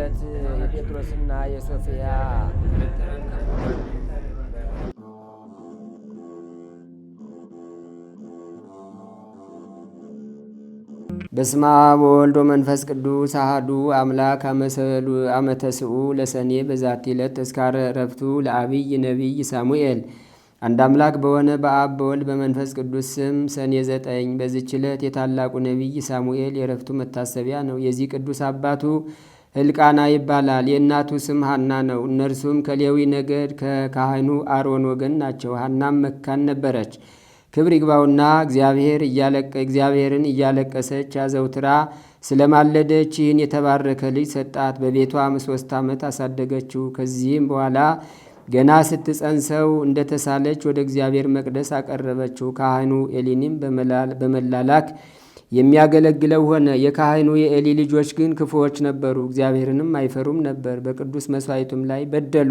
ዕለት የጴጥሮስና የሶፊያ በስማ ወልዶ መንፈስ ቅዱስ አህዱ አምላክ አመተስኡ ለሰኔ በዛቲ ዕለት ተስካረ ረፍቱ ለአብይ ነቢይ ሳሙኤል። አንድ አምላክ በሆነ በአብ በወልድ በመንፈስ ቅዱስ ስም ሰኔ ዘጠኝ በዚች ዕለት የታላቁ ነቢይ ሳሙኤል የረፍቱ መታሰቢያ ነው። የዚህ ቅዱስ አባቱ ሕልቃና ይባላል። የእናቱ ስም ሀና ነው። እነርሱም ከሌዊ ነገድ ከካህኑ አሮን ወገን ናቸው። ሃናም መካን ነበረች። ክብር ይግባውና እግዚአብሔር እግዚአብሔርን እያለቀሰች አዘውትራ ስለማለደች ይህን የተባረከ ልጅ ሰጣት። በቤቷም ሶስት ዓመት አሳደገችው። ከዚህም በኋላ ገና ስትጸንሰው እንደተሳለች ወደ እግዚአብሔር መቅደስ አቀረበችው። ካህኑ ኤሊኒም በመላላክ የሚያገለግለው ሆነ። የካህኑ የኤሊ ልጆች ግን ክፉዎች ነበሩ፣ እግዚአብሔርንም አይፈሩም ነበር፣ በቅዱስ መስዋዕቱም ላይ በደሉ።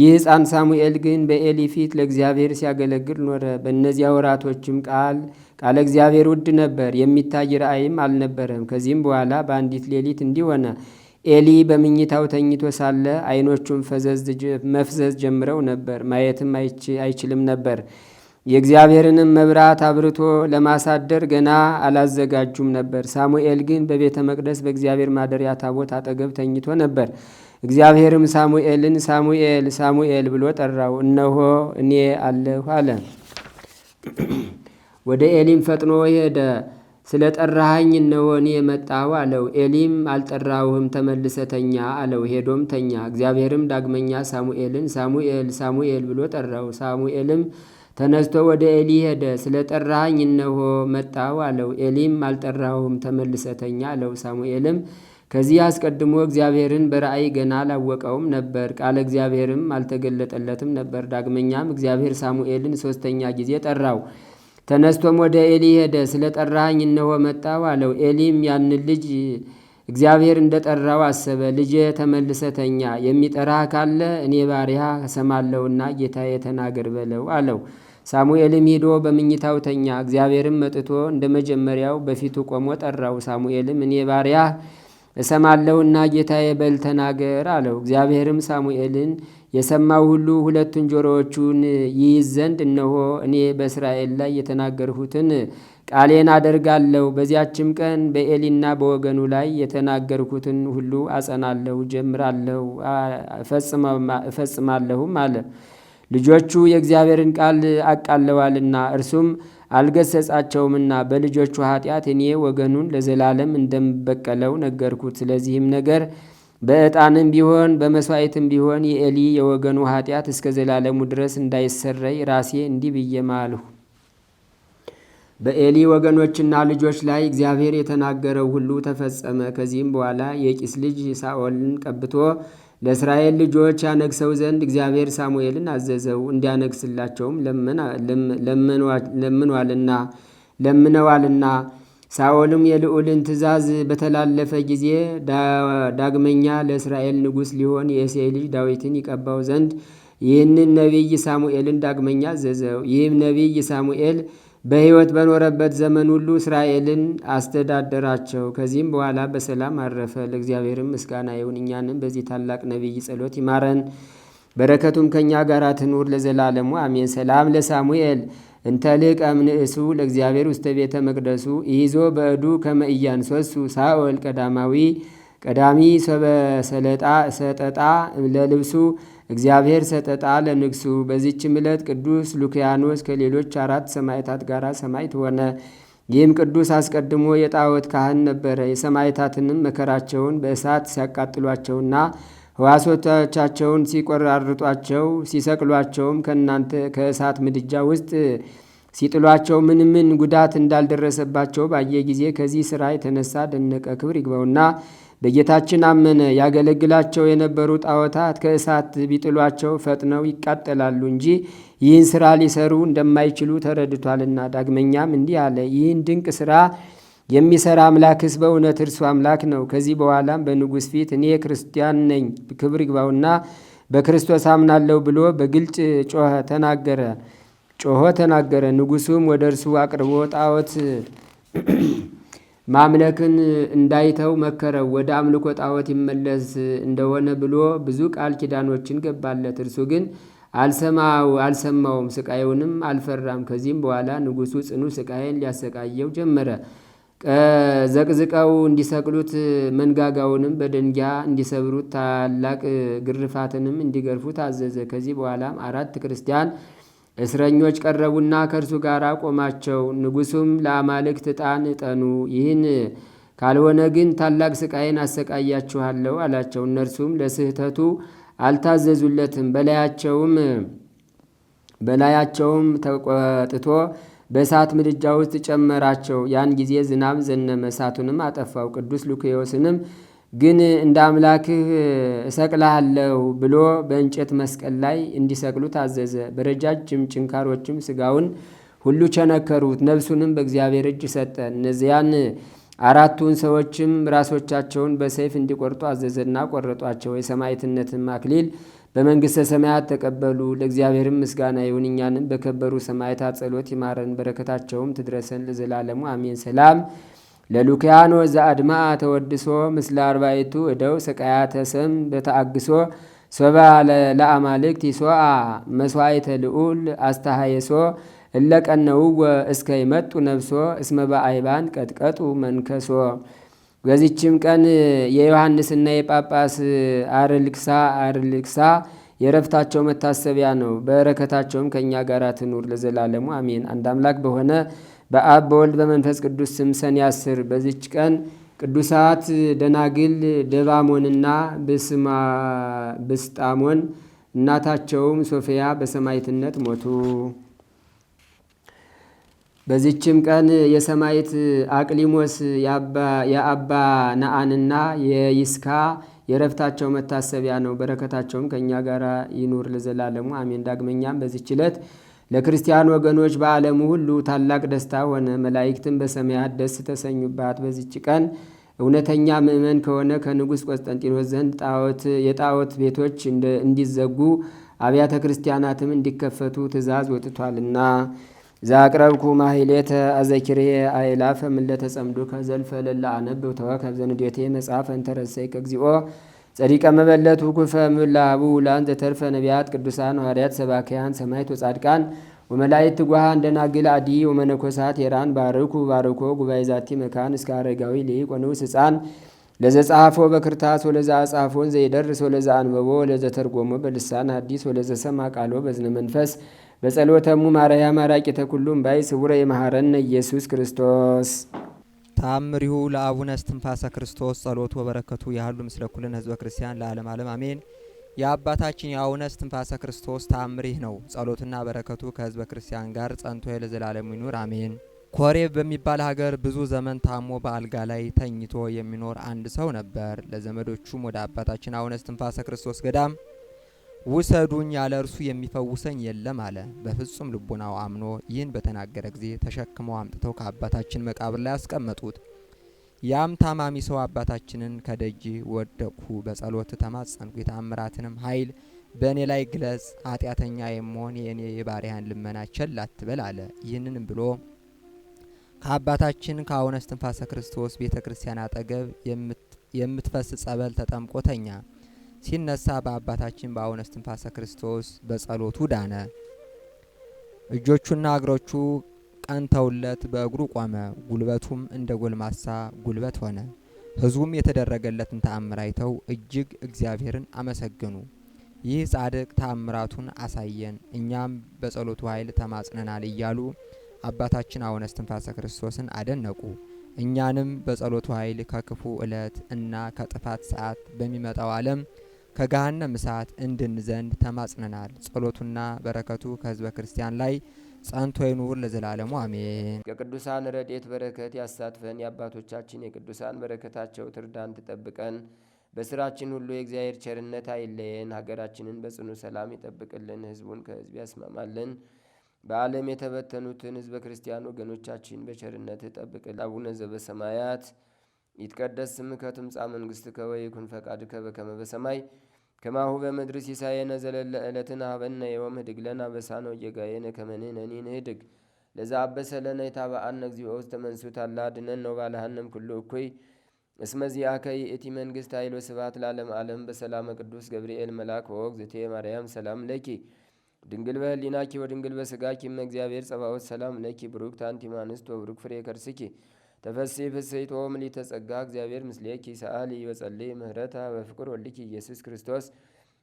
ይህ ሕፃን ሳሙኤል ግን በኤሊ ፊት ለእግዚአብሔር ሲያገለግል ኖረ። በእነዚያ ወራቶችም ቃል ቃለ እግዚአብሔር ውድ ነበር፣ የሚታይ ራእይም አልነበረም። ከዚህም በኋላ በአንዲት ሌሊት እንዲህ ሆነ። ኤሊ በምኝታው ተኝቶ ሳለ ዓይኖቹም መፍዘዝ ጀምረው ነበር፣ ማየትም አይችልም ነበር። የእግዚአብሔርንም መብራት አብርቶ ለማሳደር ገና አላዘጋጁም ነበር። ሳሙኤል ግን በቤተ መቅደስ በእግዚአብሔር ማደሪያ ታቦት አጠገብ ተኝቶ ነበር። እግዚአብሔርም ሳሙኤልን ሳሙኤል ሳሙኤል ብሎ ጠራው። እነሆ እኔ አለሁ አለ። ወደ ኤሊም ፈጥኖ ሄደ። ስለ ጠራሃኝ እነሆ እኔ የመጣው አለው። ኤሊም አልጠራውህም፣ ተመልሰ ተኛ አለው። ሄዶም ተኛ። እግዚአብሔርም ዳግመኛ ሳሙኤልን ሳሙኤል ሳሙኤል ብሎ ጠራው። ሳሙኤልም ተነስቶ ወደ ኤሊ ሄደ። ስለ ጠራኸኝ እነሆ መጣው አለው። ኤሊም አልጠራሁም ተመልሰተኛ አለው። ሳሙኤልም ከዚህ አስቀድሞ እግዚአብሔርን በራእይ ገና አላወቀውም ነበር፣ ቃለ እግዚአብሔርም አልተገለጠለትም ነበር። ዳግመኛም እግዚአብሔር ሳሙኤልን ሶስተኛ ጊዜ ጠራው። ተነስቶም ወደ ኤሊ ሄደ። ስለ ጠራኸኝ እነሆ መጣው አለው። ኤሊም ያንን ልጅ እግዚአብሔር እንደ ጠራው አሰበ። ልጄ ተመልሰተኛ የሚጠራህ ካለ እኔ ባሪያ እሰማለሁና ጌታዬ ተናገር በለው አለው። ሳሙኤልም ሂዶ በምኝታው ተኛ። እግዚአብሔርም መጥቶ እንደ መጀመሪያው በፊቱ ቆሞ ጠራው። ሳሙኤልም እኔ ባሪያ እሰማለሁና ጌታዬ በል ተናገር አለው። እግዚአብሔርም ሳሙኤልን የሰማው ሁሉ ሁለቱን ጆሮዎቹን ይይዝ ዘንድ እነሆ እኔ በእስራኤል ላይ የተናገርሁትን ቃሌን አደርጋለሁ። በዚያችም ቀን በኤሊና በወገኑ ላይ የተናገርኩትን ሁሉ አጸናለሁ፣ ጀምራለሁ፣ እፈጽማለሁም አለ። ልጆቹ የእግዚአብሔርን ቃል አቃለዋልና እርሱም አልገሰጻቸውምና በልጆቹ ኃጢአት እኔ ወገኑን ለዘላለም እንደምበቀለው ነገርኩት። ስለዚህም ነገር በዕጣንም ቢሆን በመሥዋዕትም ቢሆን የኤሊ የወገኑ ኃጢአት እስከ ዘላለሙ ድረስ እንዳይሰረይ ራሴ እንዲህ ብዬ ማልሁ። በኤሊ ወገኖችና ልጆች ላይ እግዚአብሔር የተናገረው ሁሉ ተፈጸመ። ከዚህም በኋላ የቂስ ልጅ ሳኦልን ቀብቶ ለእስራኤል ልጆች ያነግሰው ዘንድ እግዚአብሔር ሳሙኤልን አዘዘው። እንዲያነግስላቸውም ለምኗልና ለምነዋልና ሳኦልም የልዑልን ትእዛዝ በተላለፈ ጊዜ ዳግመኛ ለእስራኤል ንጉሥ ሊሆን የእሴ ልጅ ዳዊትን ይቀባው ዘንድ ይህንን ነቢይ ሳሙኤልን ዳግመኛ አዘዘው። ይህም ነቢይ ሳሙኤል በሕይወት በኖረበት ዘመን ሁሉ እስራኤልን አስተዳደራቸው። ከዚህም በኋላ በሰላም አረፈ። ለእግዚአብሔርም ምስጋና ይሁን፣ እኛንም በዚህ ታላቅ ነቢይ ጸሎት ይማረን፣ በረከቱም ከእኛ ጋር ትኑር ለዘላለሙ አሜን። ሰላም ለሳሙኤል እንተልቀ ምንእሱ ለእግዚአብሔር ውስተ ቤተ መቅደሱ ይዞ በእዱ ከመእያን ሶሱ ሳኦል ቀዳማዊ ቀዳሚ ሰበሰለጣ ሰጠጣ ለልብሱ እግዚአብሔር ሰጠጣ ለንግሱ። በዚችም ዕለት ቅዱስ ሉኪያኖስ ከሌሎች አራት ሰማይታት ጋር ሰማይት ሆነ። ይህም ቅዱስ አስቀድሞ የጣዖት ካህን ነበረ። የሰማይታትንም መከራቸውን በእሳት ሲያቃጥሏቸውና ሕዋሶቻቸውን ሲቆራርጧቸው ሲሰቅሏቸውም ከእናንተ ከእሳት ምድጃ ውስጥ ሲጥሏቸው ምን ምን ጉዳት እንዳልደረሰባቸው ባየ ጊዜ ከዚህ ሥራ የተነሳ ደነቀ። ክብር ይግባውና በጌታችን አመነ። ያገለግላቸው የነበሩ ጣዖታት ከእሳት ቢጥሏቸው ፈጥነው ይቃጠላሉ እንጂ ይህን ስራ ሊሰሩ እንደማይችሉ ተረድቷልና። ዳግመኛም እንዲህ አለ፣ ይህን ድንቅ ስራ የሚሰራ አምላክስ በእውነት እርሱ አምላክ ነው። ከዚህ በኋላም በንጉሥ ፊት እኔ ክርስቲያን ነኝ፣ ክብር ይግባውና በክርስቶስ አምናለሁ ብሎ በግልጽ ጮኸ ተናገረ ጮሆ ተናገረ። ንጉሱም ወደ እርሱ አቅርቦ ጣዖት ማምለክን እንዳይተው መከረው። ወደ አምልኮ ጣዖት ይመለስ እንደሆነ ብሎ ብዙ ቃል ኪዳኖችን ገባለት። እርሱ ግን አልሰማው አልሰማውም፣ ስቃዩንም አልፈራም። ከዚህም በኋላ ንጉሱ ጽኑ ስቃይን ሊያሰቃየው ጀመረ። ዘቅዝቀው እንዲሰቅሉት፣ መንጋጋውንም በደንጊያ እንዲሰብሩት፣ ታላቅ ግርፋትንም እንዲገርፉት አዘዘ። ከዚህ በኋላም አራት ክርስቲያን እስረኞች ቀረቡና ከእርሱ ጋር አቆማቸው። ንጉሱም ለአማልክት ዕጣን እጠኑ፣ ይህን ካልሆነ ግን ታላቅ ስቃይን አሰቃያችኋለሁ አላቸው። እነርሱም ለስህተቱ አልታዘዙለትም። በላያቸውም በላያቸውም ተቆጥቶ በእሳት ምድጃ ውስጥ ጨመራቸው። ያን ጊዜ ዝናብ ዘነመ፣ እሳቱንም አጠፋው። ቅዱስ ሉክዮስንም ግን እንደ አምላክህ እሰቅልሃለሁ ብሎ በእንጨት መስቀል ላይ እንዲሰቅሉ ታዘዘ። በረጃጅም ጭንካሮችም ስጋውን ሁሉ ቸነከሩት፣ ነፍሱንም በእግዚአብሔር እጅ ሰጠ። እነዚያን አራቱን ሰዎችም ራሶቻቸውን በሰይፍ እንዲቆርጡ አዘዘና ቆረጧቸው። የሰማዕትነትም አክሊል በመንግሥተ ሰማያት ተቀበሉ። ለእግዚአብሔርም ምስጋና ይሁን፣ እኛንም በከበሩ ሰማዕታት ጸሎት ይማረን፣ በረከታቸውም ትድረሰን ለዘላለሙ አሜን። ሰላም ለሉኪያኖ ዘአድማ ተወድሶ ምስለ አርባይቱ እደው ስቃያተ ስም በተአግሶ ሶባ ለአማልክት ይሶአ መስዋይተ ልዑል አስተሃየሶ እለቀነውወ እስከ ይመጡ ነብሶ እስመ በአይባን ቀጥቀጡ መንከሶ። በዚችም ቀን የዮሐንስና የጳጳስ አርልክሳ አርልክሳ የረፍታቸው መታሰቢያ ነው። በረከታቸውም ከእኛ ጋር ትኑር ለዘላለሙ አሜን። አንድ አምላክ በሆነ በአብ በወልድ በመንፈስ ቅዱስ ስም ሰኔ አስር በዚች ቀን ቅዱሳት ደናግል ደባሞንና ብስጣሞን እናታቸውም ሶፊያ በሰማይትነት ሞቱ። በዚችም ቀን የሰማይት አቅሊሞስ የአባ ነአንና የይስካ የረፍታቸው መታሰቢያ ነው። በረከታቸውም ከእኛ ጋር ይኑር ለዘላለሙ አሜን። ዳግመኛም በዚች ዕለት ለክርስቲያን ወገኖች በዓለሙ ሁሉ ታላቅ ደስታ ሆነ። መላእክትም በሰማያት ደስ ተሰኙባት። በዚች ቀን እውነተኛ ምእመን ከሆነ ከንጉሥ ቆስጠንጢኖስ ዘንድ ጣዖት የጣዖት ቤቶች እንዲዘጉ አብያተ ክርስቲያናትም እንዲከፈቱ ትእዛዝ ወጥቷልና። ዛቅረብኩ ማህሌተ አዘኪሬ አይላፈ ምለተጸምዱ ከዘልፈ ለላ አነብብ ተወከብ ዘንዴቴ መጽሐፈ እንተረሰይ ከግዚኦ ጸዲቀ መበለት ውኩፈ ምላቡ ላን ዘተርፈ ነቢያት ቅዱሳን ሐዋርያት ሰባክያን ሰማይት ወጻድቃን ወመላእክት ጓሃን ደናግል አዲ ወመነኮሳት የራን ባርኩ ባርኮ ጉባኤ ዛቲ መካን እስከ አረጋዊ ሊቅ ወንዑስ ሕፃን ለዘጻፎ በክርታስ ወለዛ አጻፎን ዘይደርስ ወለዛ አንበቦ ለዘተርጎሞ በልሳን ሐዲስ ወለዘሰማ ቃሎ በዝነ መንፈስ በጸሎተሙ ማርያም ማራቂ ተኩሉም ባይ ስውረ የመሐረነ ኢየሱስ ክርስቶስ ተአምሪሁ ለአቡነ እስትንፋሰ ክርስቶስ ጸሎቱ ወበረከቱ ያህሉ ምስለ ኩልን ህዝበ ክርስቲያን ለዓለም ዓለም አሜን። የአባታችን የአቡነ እስትንፋሰ ክርስቶስ ተአምሪህ ነው። ጸሎትና በረከቱ ከህዝበ ክርስቲያን ጋር ጸንቶ ለዘላለሙ ይኑር አሜን። ኮሬብ በሚባል ሀገር ብዙ ዘመን ታሞ በአልጋ ላይ ተኝቶ የሚኖር አንድ ሰው ነበር። ለዘመዶቹም ወደ አባታችን አቡነ እስትንፋሰ ክርስቶስ ገዳም ውሰዱኝ ያለ እርሱ የሚፈውሰኝ የለም አለ። በፍጹም ልቡናው አምኖ ይህን በተናገረ ጊዜ ተሸክመው አምጥተው ከአባታችን መቃብር ላይ አስቀመጡት። ያም ታማሚ ሰው አባታችንን ከደጅ ወደቅሁ፣ በጸሎት ተማጸንኩ፣ የታምራትንም ኃይል በእኔ ላይ ግለጽ፣ ኃጢአተኛ የመሆን የእኔ የባሪያን ልመና ቸል አትበል አለ። ይህንንም ብሎ ከአባታችን ከአቡነ እስትንፋሰ ክርስቶስ ቤተ ክርስቲያን አጠገብ የምትፈስ ጸበል ተጠምቆ ተኛ። ሲነሳ በአባታችን በአቡነ እስትንፋሰ ክርስቶስ በጸሎቱ ዳነ። እጆቹና እግሮቹ ቀንተውለት በእግሩ ቆመ። ጉልበቱም እንደ ጎልማሳ ጉልበት ሆነ። ሕዝቡም የተደረገለትን ተአምር አይተው እጅግ እግዚአብሔርን አመሰገኑ። ይህ ጻድቅ ተአምራቱን አሳየን፣ እኛም በጸሎቱ ኃይል ተማጽነናል እያሉ አባታችን አቡነ እስትንፋሰ ክርስቶስን አደነቁ። እኛንም በጸሎቱ ኃይል ከክፉ ዕለት እና ከጥፋት ሰዓት በሚመጣው ዓለም ከገሃነም እሳት እንድንዘንድ ተማጽነናል። ጸሎቱና በረከቱ ከህዝበ ክርስቲያን ላይ ጸንቶ ይኑር ለዘላለሙ አሜን። ከቅዱሳን ረድኤት በረከት ያሳትፈን። የአባቶቻችን የቅዱሳን በረከታቸው ትርዳን፣ ትጠብቀን። በስራችን ሁሉ የእግዚአብሔር ቸርነት አይለየን። ሀገራችንን በጽኑ ሰላም ይጠብቅልን፣ ህዝቡን ከህዝብ ያስማማልን። በዓለም የተበተኑትን ህዝበ ክርስቲያን ወገኖቻችን በቸርነት ጠብቅልን። አቡነ ዘበሰማያት ይትቀደስ ስምከ ትምጻእ መንግሥትከ ወይኩን ፈቃድከ በከመ በሰማይ ከማሁ በምድር ሲሳየነ ዘለለ ዕለትን ሀበነ የወም ህድግ ለነ አበሳነ ወጌጋየነ ከመ ንሕነኒ ለዛ አበሰ ለነ እግዚኦ ውስተ መንሱት አላ ነው ባልሃንም ኩሉ እኩይ እስመ ዚአከ ይእቲ መንግሥት ኃይል ወስብሐት ለዓለም ዓለም በሰላመ ቅዱስ ገብርኤል መልአክ ወእግዝእቴ ማርያም ሰላም ለኪ ድንግል በህሊናኪ ወድንግል በስጋኪ እም እግዚአብሔር ጸባኦት ሰላም ለኪ ብሩክት አንቲ እምአንስት ወብሩክ ፍሬ ከርስኪ ተፈሴ ፍሴቶ ምሊተ ጸጋ እግዚአብሔር ምስሌኪ ሰአሊ በጸልይ ምህረታ በፍቅር ወልኪ ኢየሱስ ክርስቶስ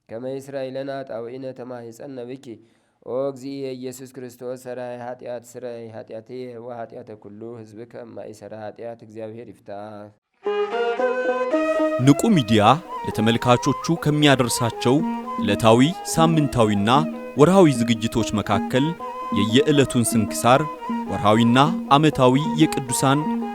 ከመ ይስራኤለነ ጣውኢነ ተማሂፀነ ብኪ ኦ እግዚእ ኢየሱስ ክርስቶስ ሰራይ ኃጢአት ስራይ ኃጢአቴ ወኃጢአተ ኩሉ ህዝብ ከማይሰራ ኃጢአት እግዚአብሔር ይፍታ። ንቁ ሚዲያ ለተመልካቾቹ ከሚያደርሳቸው ዕለታዊ ሳምንታዊና ወርሃዊ ዝግጅቶች መካከል የየዕለቱን ስንክሳር ወርሃዊና ዓመታዊ የቅዱሳን